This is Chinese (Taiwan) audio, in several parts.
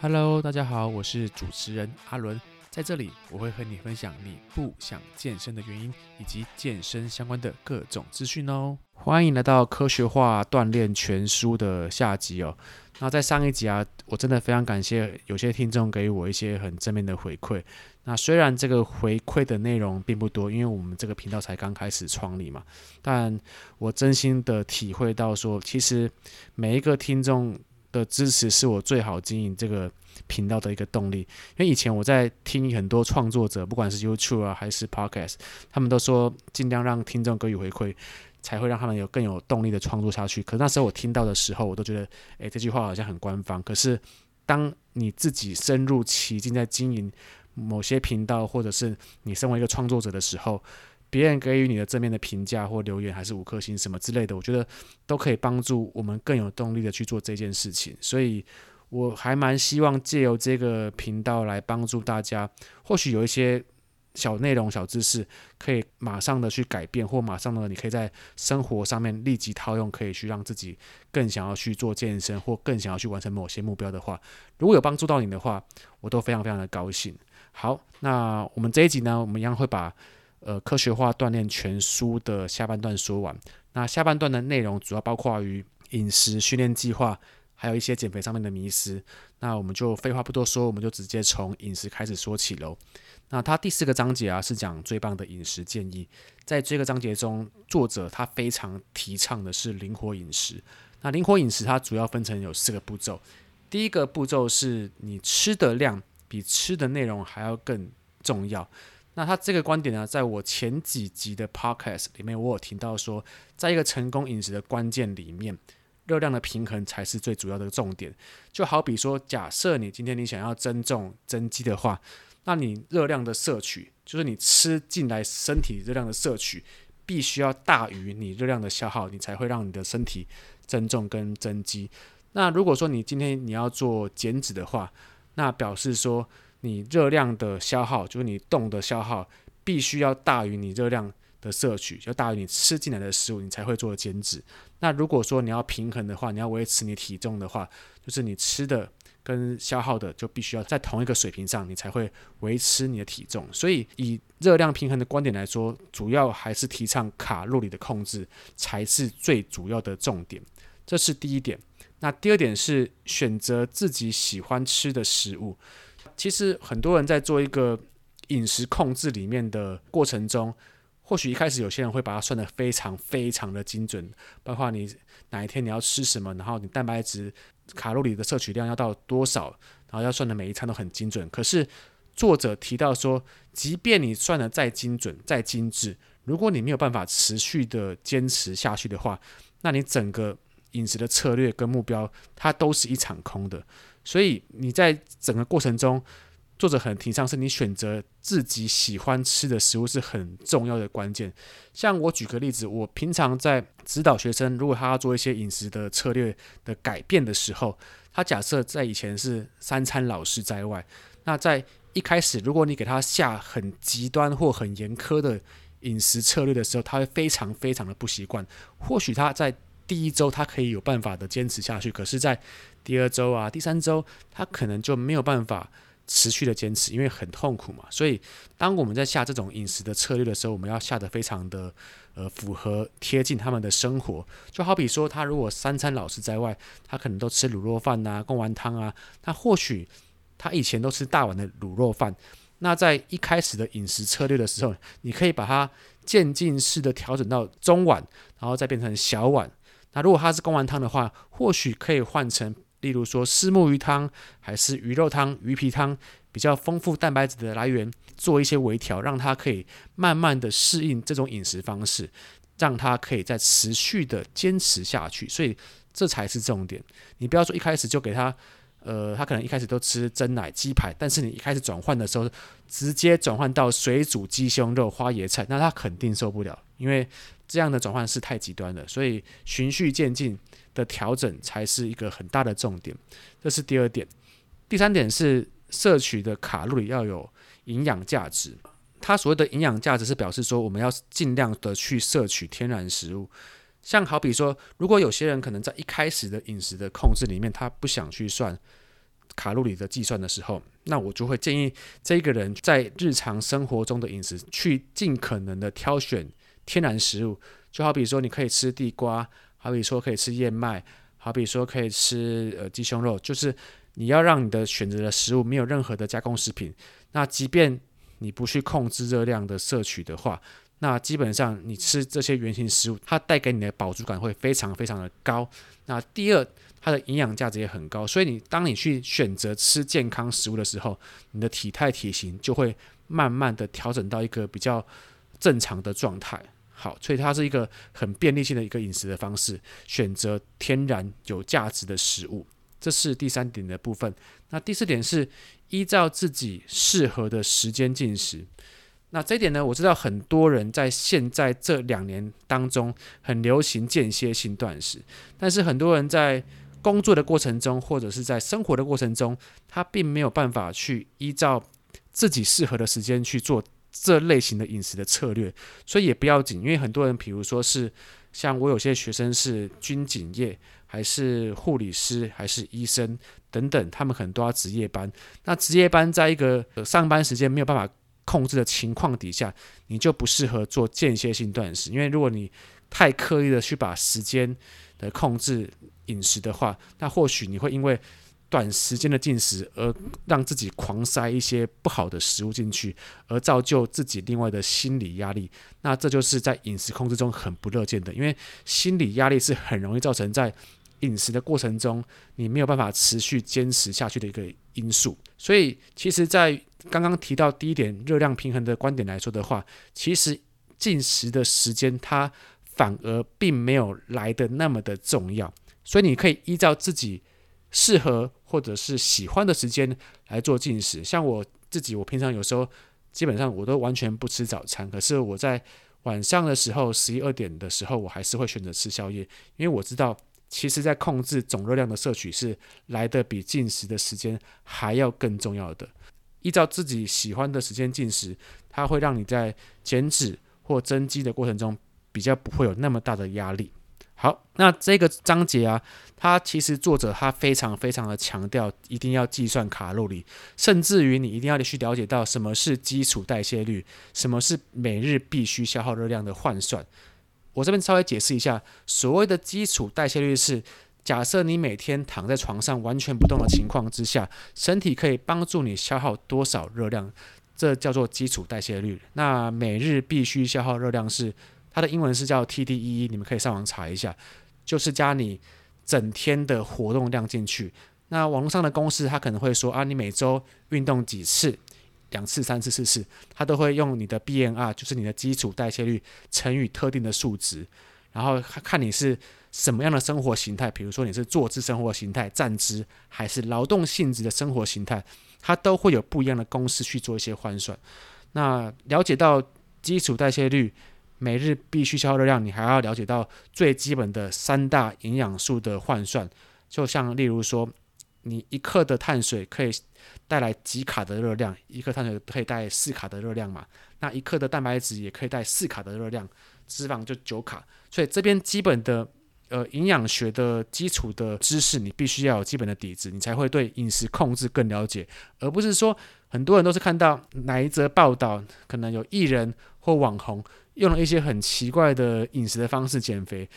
Hello，大家好，我是主持人阿倫，在這裡我會和你分享你不想健身的原因，以及健身相關的各種資訊哦。歡迎來到科學化鍛鍊全書的下集哦。那在上一集啊，我真的非常感謝有些聽眾給我一些很正面的回饋。那雖然這個回饋的內容並不多，因為我們這個頻道才剛開始創立嘛，但我真心的體會到說，其實每一個聽眾的支持是我最好經營這個頻道的一個動力。因為以前我在聽很多創作者，不管是 YouTube 啊還是 Podcast，他們都說盡量讓聽眾給予回饋，才會讓他們有更有動力的創作下去。可那時候我聽到的時候，我都覺得，誒，這句話好像很官方。可是當你自己深入其境，在經營某些頻道，或者是你身為一個創作者的時候，別人給予你的正面的評價或留言，還是五顆星什麼之類的，我覺得都可以幫助我們更有動力的去做這件事情。所以，我還蠻希望借由這個頻道來幫助大家。或許有一些小內容、小知識，可以馬上的去改變，或馬上的你可以在生活上面立即套用，可以去讓自己更想要去做健身，或更想要去完成某些目標的話，如果有幫助到你的話，我都非常非常的高興。好，那我們這一集呢，我們一樣會把。呃，科學化鍛鍊全書的下半段說完，那下半段的內容主要包括於飲食訓練計劃，還有一些減肥上面的迷思。那我們就廢話不多說，我們就直接從飲食開始說起嘍。那它第四個章節啊，是講最棒的飲食建議。在這個章節中，作者他非常提倡的是靈活飲食。那靈活飲食它主要分成有四個步驟。第一個步驟是你吃的量比吃的內容還要更重要。那他這個觀點呢，在我前幾集的 podcast 裡面，我有聽到說，在一個成功飲食的關鍵裡面，熱量的平衡才是最主要的重點。就好比說，假設你今天你想要增重增肌的話，那你熱量的攝取，就是你吃進來身體熱量的攝取，必須要大於你熱量的消耗，你才會讓你的身體增重跟增肌。那如果說你今天你要做減脂的話，那表示說。你熱量的消耗，就是你動的消耗，必須要大於你熱量的攝取，要大於你吃進來的食物，你才會做減脂。那如果說你要平衡的話，你要維持你體重的話，就是你吃的跟消耗的就必須要在同一個水平上，你才會維持你的體重。所以以熱量平衡的觀點來說，主要還是提倡卡路里的控制，才是最主要的重點。這是第一點。那第二點是選擇自己喜歡吃的食物。其實很多人在做一個飲食控制裡面的過程中，或許一開始有些人會把它算得非常非常的精準，包括你哪一天你要吃什麼，然後你蛋白質、卡路里的攝取量要到多少，然後要算得每一餐都很精準。可是作者提到說，即便你算得再精準、再精緻，如果你沒有辦法持續的堅持下去的話，那你整個飲食的策略跟目標，它都是一場空的。所以你在整個過程中，作者很提倡是你選擇自己喜歡吃的食物是很重要的關鍵。像我舉個例子，我平常在指導學生，如果他要做一些飲食的策略的改變的時候，他假設在以前是三餐老是在外，那在一開始，如果你給他下很極端或很嚴苛的飲食策略的時候，他會非常非常的不習慣，或許他在。第一週他可以有辦法的堅持下去，可是，在第二週啊、第三週，他可能就沒有辦法持續的堅持，因為很痛苦嘛。所以，當我們在下這種飲食的策略的時候，我們要下得非常的呃符合貼近他們的生活。就好比說，他如果三餐老是在外，他可能都吃滷肉飯吶、貢丸湯啊，他或許他以前都吃大碗的滷肉飯，那在一開始的飲食策略的時候，你可以把它漸進式的調整到中碗，然後再變成小碗。那如果他是貢丸湯的話，或許可以換成，例如說虱目魚湯，還是魚肉湯、魚皮湯，比較豐富蛋白質的來源，做一些微調，讓它可以慢慢的適應這種飲食方式，讓它可以再持續的堅持下去。所以這才是重點，你不要說一開始就給他，呃，他可能一開始都吃珍奶、雞排，但是你一開始轉換的時候，直接轉換到水煮雞胸肉、花椰菜，那他肯定受不了，因為，這樣的轉換是太極端的，所以循序漸進的調整才是一個很大的重點。這是第二點。第三點是攝取的卡路里要有營養價值。它所謂的營養價值是表示說，我們要盡量的去攝取天然食物。像好比說，如果有些人可能在一開始的飲食的控制裡面，他不想去算卡路里的計算的時候，那我就會建議這個人在日常生活中的飲食去盡可能的挑選。天然食物，就好比說你可以吃地瓜，好比說可以吃燕麥，好比說可以吃呃雞胸肉，就是你要讓你的選擇的食物沒有任何的加工食品。那即便你不去控制熱量的攝取的話，那基本上你吃這些原型食物，它帶給你的飽足感會非常非常的高。那第二，它的營養價值也很高。所以你當你去選擇吃健康食物的時候，你的體態體型就會慢慢的調整到一個比較正常的狀態。好，所以它是一個很便利性的一個飲食的方式，選擇天然有價值的食物，這是第三點的部分。那第四點是依照自己適合的時間進食。那這一點呢，我知道很多人在現在這兩年當中很流行間歇性斷食，但是很多人在工作的過程中或者是在生活的過程中，他並沒有辦法去依照自己適合的時間去做，這類型的飲食的策略，所以也不要緊，因為很多人，比如說是像我有些學生是軍警業，還是護理師，還是醫生等等，他們很多要值夜班。那值夜班在一個上班時間沒有辦法控制的情況底下，你就不適合做間歇性斷食，因為如果你太刻意的去把時間來控制飲食的話，那或許你會因為。短時間的進食，而讓自己狂塞一些不好的食物進去，而造就自己另外的心理壓力，那這就是在飲食控制中很不樂見的。因為心理壓力是很容易造成在飲食的過程中你沒有辦法持續堅持下去的一個因素。所以，其實，在剛剛提到第一點熱量平衡的觀點來說的話，其實進食的時間它反而並沒有來得那麼的重要。所以，你可以依照自己。適合或者是喜歡的時間來做進食，像我自己，我平常有時候基本上我都完全不吃早餐，可是我在晚上的時候十一二點的時候，我還是會選擇吃宵夜，因為我知道，其實在控制總熱量的攝取是來得比進食的時間還要更重要的。依照自己喜歡的時間進食，它會讓你在減脂或增肌的過程中比較不會有那麼大的壓力。好，那這個章節啊，它其實作者他非常非常的強調，一定要計算卡路里，甚至於你一定要去了解到什麼是基礎代謝率，什麼是每日必須消耗熱量的換算。我這邊稍微解釋一下，所謂的基礎代謝率是假設你每天躺在床上完全不動的情況之下，身體可以幫助你消耗多少熱量，這叫做基礎代謝率。那每日必須消耗熱量是，它的英文是叫 TDEE，你們可以上網查一下，就是加你整天的活動量進去。那網絡上的公式，他可能會說啊，你每周運動幾次，兩次、三次、四次，他都會用你的 BMR，就是你的基礎代謝率乘以特定的數值，然後看你是什麼樣的生活形態，比如說你是坐姿生活形態、站姿，還是勞動性質的生活形態，它都會有不一樣的公式去做一些換算。那了解到基礎代謝率，每日必須消耗熱量，你還要了解到最基本的三大營養素的換算。就像例如說，你一克的碳水可以帶來幾卡的熱量？一克碳水可以帶四卡的熱量嘛？那一克的蛋白質也可以帶四卡的熱量，脂肪就九卡。所以這邊基本的呃營養學的基礎的知識，你必須要有基本的底子，你才會對飲食控制更了解，而不是說很多人都是看到哪一則報道，可能有藝人或網紅。用了一些很奇怪的飲食的方式減肥，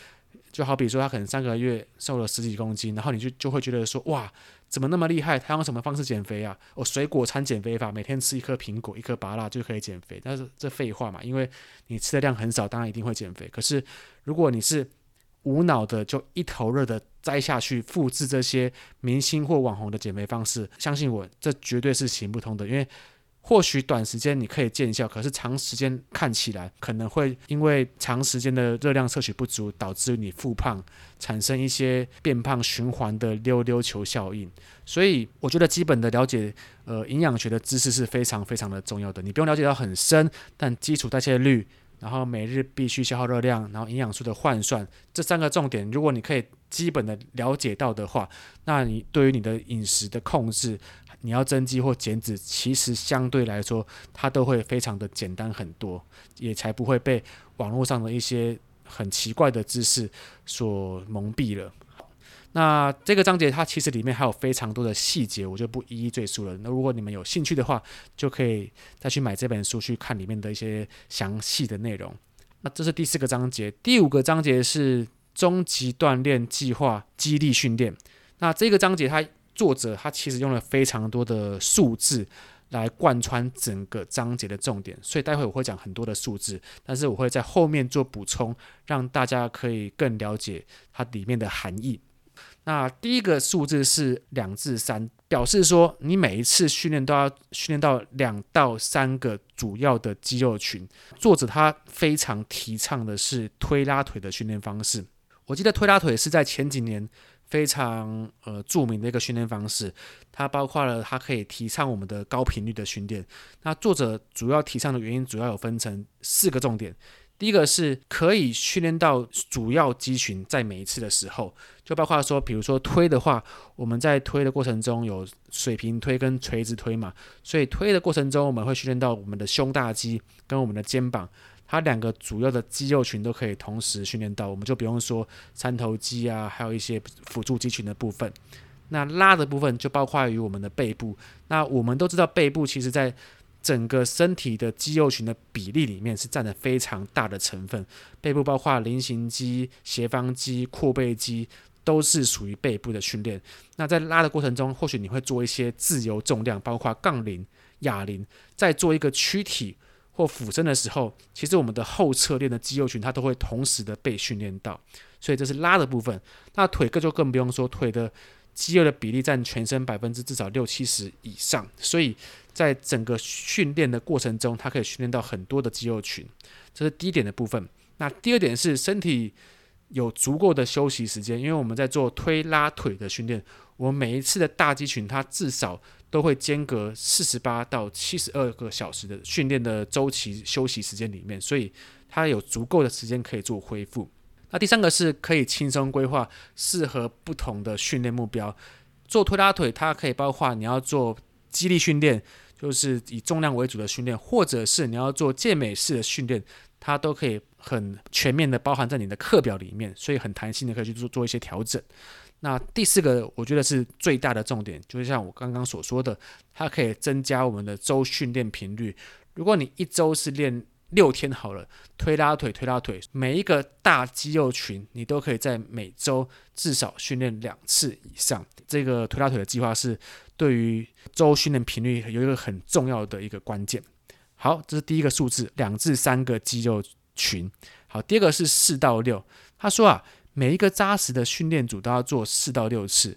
就好比說他可能三個月瘦了十幾公斤，然後你就就會覺得說哇，怎麼那麼厲害？他用什麼方式減肥啊？我、哦、水果餐減肥法，每天吃一顆蘋果、一顆芭樂就可以減肥。但是這廢話嘛，因為你吃的量很少，當然一定會減肥。可是如果你是無腦的就一頭熱的栽下去複製這些明星或網紅的減肥方式，相信我，這絕對是行不通的，因為。或許短時間你可以見效，可是長時間看起來可能會因為長時間的熱量攝取不足，導致你復胖，產生一些變胖循環的溜溜球效應。所以我覺得基本的了解，呃，營養學的知識是非常非常的重要的。你不用了解到很深，但基礎代謝率。然後每日必須消耗熱量，然後營養素的換算這三個重點，如果你可以基本的了解到的話，那你對於你的飲食的控制，你要增肌或減脂，其實相對來說它都會非常的簡單很多，也才不會被網絡上的一些很奇怪的知識所蒙蔽了。那這個章節它其實裡面還有非常多的細節，我就不一一贅述了。那如果你們有興趣的話，就可以再去買這本書去看裡面的一些詳細的內容。那這是第四個章節，第五個章節是終極鍛鍊計劃肌力訓練。那這個章節它作者他其實用了非常多的數字來貫穿整個章節的重點，所以待會我會講很多的數字，但是我會在後面做補充，讓大家可以更了解它裡面的含義。那第一個數字是兩至三，表示說你每一次訓練都要訓練到兩到三個主要的肌肉群。作者他非常提倡的是推拉腿的訓練方式。我記得推拉腿是在前幾年非常，呃，著名的一個訓練方式，它包括了它可以提倡我們的高頻率的訓練。那作者主要提倡的原因主要有分成四個重點。第一個是可以訓練到主要肌群，在每一次的時候，就包括說，比如說推的話，我們在推的過程中有水平推跟垂直推嘛，所以推的過程中我們會訓練到我們的胸大肌跟我們的肩膀，它兩個主要的肌肉群都可以同時訓練到。我們就不用說三頭肌啊，還有一些輔助肌群的部分。那拉的部分就包括於我們的背部，那我們都知道背部其實在整個身體的肌肉群的比例裡面是佔了非常大的成分，背部包括菱形肌、斜方肌、闊背肌都是屬於背部的訓練。那在拉的過程中，或許你會做一些自由重量，包括槓鈴、啞鈴，在做一個軀體或俯身的時候，其實我們的後側鏈的肌肉群它都會同時的被訓練到，所以這是拉的部分。那腿更就更不用說，腿的肌肉的比例占全身百分之至少六七十以上，所以。在整個訓練的過程中，它可以訓練到很多的肌肉群，這是第一點的部分。那第二點是身體有足夠的休息時間，因為我們在做推拉腿的訓練，我們每一次的大肌群它至少都會間隔四十八到七十二個小時的訓練的周期休息時間裡面，所以它有足夠的時間可以做恢復。那第三個是可以輕鬆規劃適合不同的訓練目標，做推拉腿，它可以包括你要做。肌力訓練就是以重量為主的訓練，或者是你要做健美式的訓練，它都可以很全面的包含在你的課表裡面，所以很彈性的可以去做做一些調整。那第四個，我覺得是最大的重點，就是像我剛剛所說的，它可以增加我們的周訓練頻率。如果你一周是練六天好了，推拉腿、推拉腿，每一個大肌肉群，你都可以在每周至少訓練兩次以上。這個推拉腿的計劃是。對於週訓練頻率有一個很重要的一個關鍵。好，這是第一個數字，兩至三個肌肉群。好，第二個是四到六。他說啊，每一個扎實的訓練組都要做四到六次。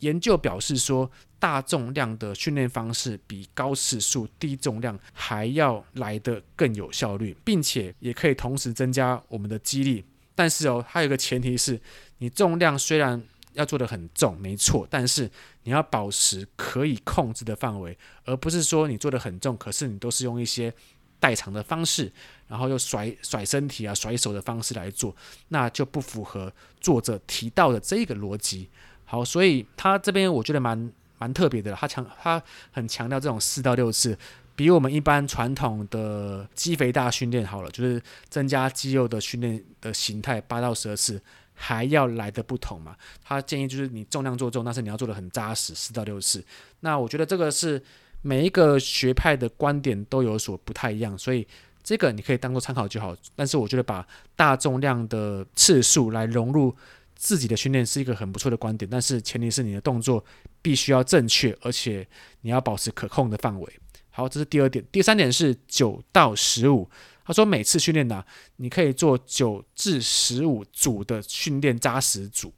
研究表示說，大重量的訓練方式比高次數低重量還要來得更有效率，並且也可以同時增加我們的肌力。但是哦，還有一個前提是你重量雖然要做得很重，沒錯，但是。你要保持可以控制的範圍，而不是說你做的很重，可是你都是用一些代償的方式，然後又甩甩身體啊、甩手的方式來做，那就不符合作者提到的這個邏輯。好，所以他這邊我覺得蠻蠻特別的，他強他很強調這種四到六次，比我們一般傳統的肌肥大訓練好了，就是增加肌肉的訓練的形態八到十二次，還要來的不同嘛？他建議就是你重量做重，但是你要做的很扎實，四到六次。那我覺得這個是每一個學派的觀點都有所不太一樣，所以這個你可以當做參考就好。但是我覺得把大重量的次數來融入自己的訓練是一個很不錯的觀點，但是前提是你的動作必須要正確，而且你要保持可控的範圍。好，這是第二點。第三點是九到十五。他說：“每次訓練呢、啊，你可以做九至十五組的訓練扎實組。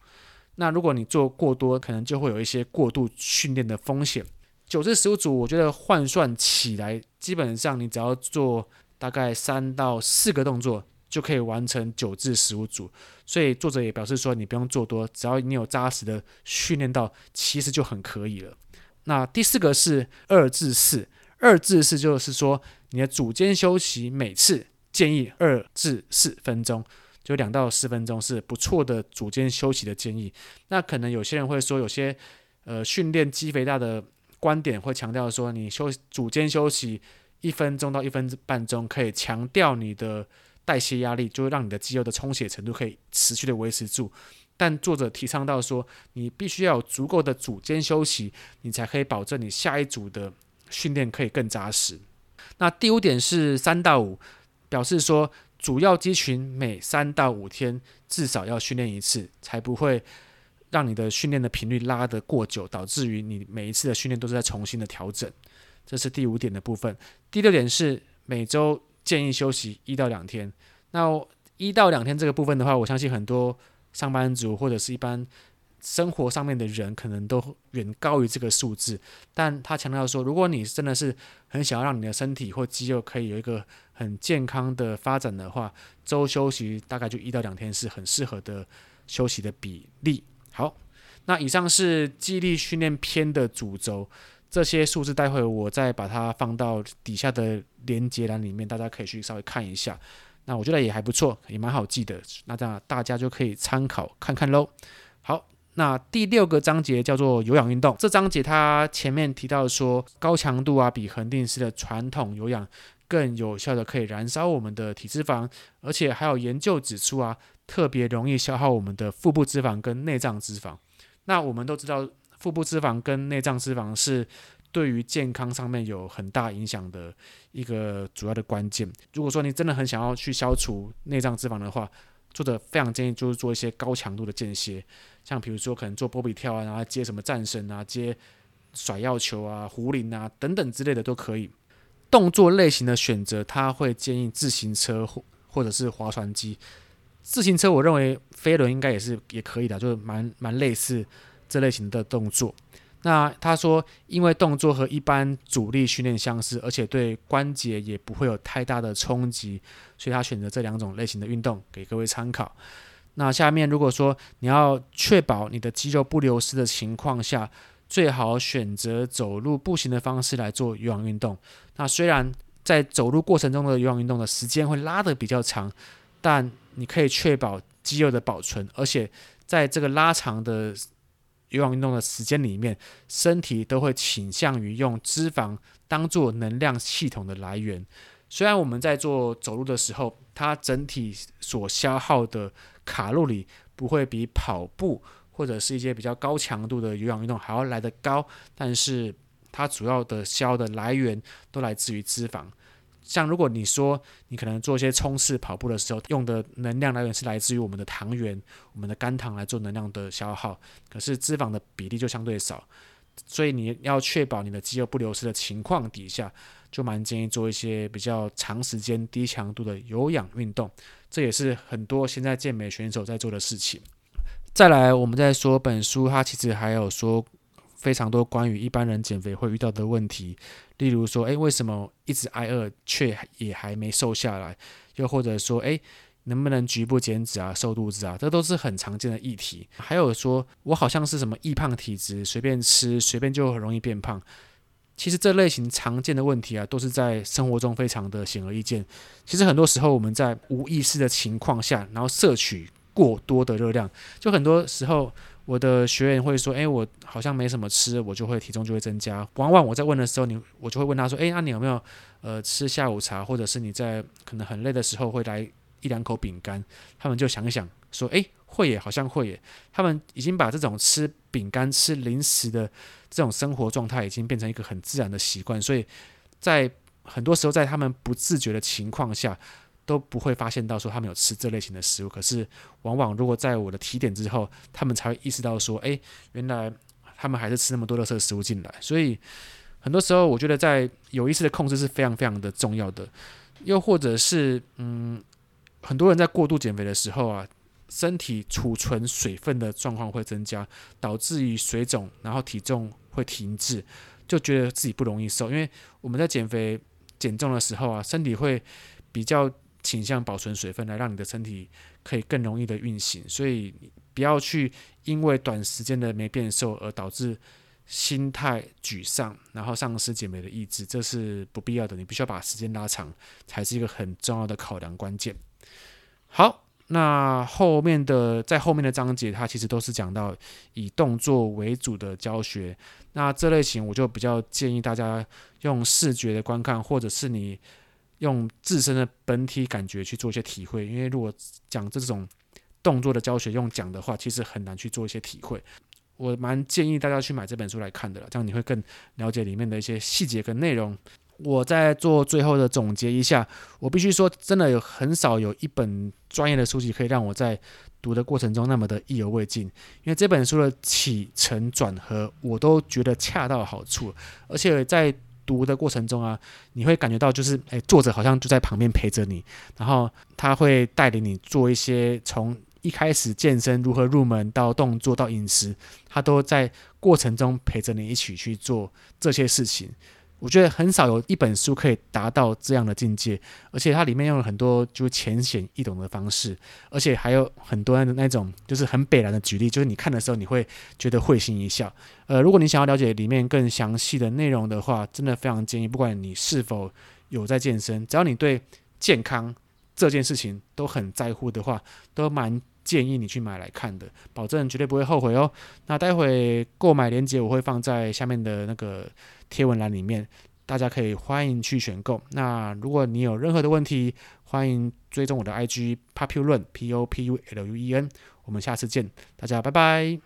那如果你做過多，可能就會有一些過度訓練的風險。九至十五組，我覺得換算起來，基本上你只要做大概三到四個動作，就可以完成九至十五組。所以作者也表示說，你不用做多，只要你有扎實的訓練到，其實就很可以了。那第四個是二至四。”二至四就是說，你的組間休息每次建議二至四分鐘，就兩到四分鐘是不錯的組間休息的建議。那可能有些人會說，有些呃訓練肌肥大的觀點會強調說，你休組間休息一分鐘到一分半鐘，可以強調你的代謝壓力，就讓你的肌肉的充血程度可以持續的維持住。但作者提倡到說，你必須要有足夠的組間休息，你才可以保證你下一組的。訓練可以更扎實。那第五點是三到五，表示說主要肌群每三到五天至少要訓練一次，才不會讓你的訓練的頻率拉得過久，導致於你每一次的訓練都是在重新的調整。這是第五點的部分。第六點是每周建議休息一到兩天。那一到兩天這個部分的話，我相信很多上班族或者是一般。生活上面的人可能都遠高於這個數字，但他強調說，如果你真的是很想要讓你的身體或肌肉可以有一個很健康的發展的話，週休息大概就一到兩天是很適合的休息的比例。好，那以上是肌力訓練篇的主軸，這些數字待會我再把它放到底下的連接欄裡面，大家可以去稍微看一下。那我覺得也還不錯，也蠻好記的，那這樣大家就可以參考看看嘍。那第六個章節叫做有氧運動，這章節它前面提到說，高強度啊，比恆定式的傳統有氧更有效的可以燃燒我們的體脂肪，而且還有研究指出啊，特別容易消耗我們的腹部脂肪跟內臟脂肪。那我們都知道，腹部脂肪跟內臟脂肪是對於健康上面有很大影響的一個主要的關鍵。如果說你真的很想要去消除內臟脂肪的話，做的非常建議就是做一些高強度的間歇，像比如說可能做波比跳啊，然後接什麼戰繩啊，接甩藥球啊、壺鈴啊等等之類的都可以。動作類型的選擇，他會建議自行車或或者是划船機。自行車，我認為飛輪應該也是也可以的，就是蠻蠻類似這類型的動作。那他說，因為動作和一般阻力訓練相似，而且對關節也不會有太大的衝擊，所以他選擇這兩種類型的運動給各位參考。那下面如果說你要確保你的肌肉不流失的情況下，最好選擇走路步行的方式來做有氧運動。那雖然在走路過程中的有氧運動的時間會拉得比較長，但你可以確保肌肉的保存，而且在這個拉長的。有氧運動的時間裡面，身體都會傾向於用脂肪當做能量系統的來源。雖然我們在做走路的時候，它整體所消耗的卡路里不會比跑步或者是一些比較高強度的有氧運動還要來得高，但是它主要的消耗的來源都來自於脂肪。像如果你說你可能做一些衝刺跑步的時候，用的能量來源是來自於我們的糖原，我們的肝糖來做能量的消耗，可是脂肪的比例就相對少，所以你要確保你的肌肉不流失的情況底下，就蠻建議做一些比較長時間、低強度的有氧運動，這也是很多現在健美選手在做的事情。再來，我們再說本書，它其實還有說。非常多關於一般人減肥會遇到的問題，例如說，誒，為什麼一直挨餓卻也還沒瘦下來？又或者說，誒，能不能局部減脂啊，瘦肚子啊？這都是很常見的議題。還有說，我好像是什麼易胖體質，隨便吃隨便就很容易變胖。其實這類型常見的問題啊，都是在生活中非常的顯而易見。其實很多時候我們在無意識的情況下，然後攝取過多的熱量，就很多時候。我的學員會說：“哎，我好像沒什麼吃，我就會體重就會增加。”往往我在問的時候，你我就會問他說：“哎，那、啊、你有沒有呃吃下午茶，或者是你在可能很累的時候會來一兩口餅乾？”他們就想一想說：“哎，會耶，好像會耶。”他們已經把這種吃餅乾、吃零食的這種生活狀態，已經變成一個很自然的習慣，所以在很多時候，在他們不自覺的情況下。都不會發現到說他們有吃這類型的食物，可是往往如果在我的提點之後，他們才會意識到說，哎，原來他們還是吃那麼多垃圾食物進來。所以很多時候，我覺得在有意識的控制是非常非常的重要的。又或者是，嗯，很多人在過度減肥的時候啊，身體儲存水分的狀況會增加，導致於水腫，然後體重會停滯，就覺得自己不容易瘦。因為我們在減肥減重的時候啊，身體會比較。傾向保存水分來讓你的身體可以更容易的運行，所以不要去因為短時間的沒變瘦而導致心態沮喪，然後喪失減肥的意志，這是不必要的。你必須要把時間拉長，才是一個很重要的考量關鍵。好，那後面的，在後面的章節，它其實都是講到以動作為主的教學。那這類型我就比較建議大家用視覺的觀看，或者是你。用自身的本體感覺去做一些體會，因為如果講這種動作的教學用講的話，其實很難去做一些體會。我蠻建議大家去買這本書來看的，這樣你會更了解裡面的一些細節跟內容。我再做最後的總結一下，我必須說，真的有很少有一本專業的書籍可以讓我在讀的過程中那麼的意猶未盡，因為這本書的起承轉合我都覺得恰到好處，而且在。讀的過程中啊，你會感覺到就是，誒，作者好像就在旁邊陪着你，然後他會帶領你做一些從一開始健身如何入門到動作到飲食，他都在過程中陪着你一起去做這些事情。我覺得很少有一本書可以達到這樣的境界，而且它裡面用了很多就是淺顯易懂的方式，而且還有很多的那種就是很白爛的舉例，就是你看的時候你會覺得會心一笑。呃，如果你想要了解裡面更詳細的內容的話，真的非常建議，不管你是否有在健身，只要你對健康這件事情都很在乎的話，都蠻建議你去買來看的，保證絕對不會後悔哦。那待會購買鏈接我會放在下面的那個。貼文欄裡面，大家可以歡迎去選購。那如果你有任何的問題，歡迎追蹤我的 IG populuen P-O-P-U-L-U-E-N。我們下次見，大家拜拜。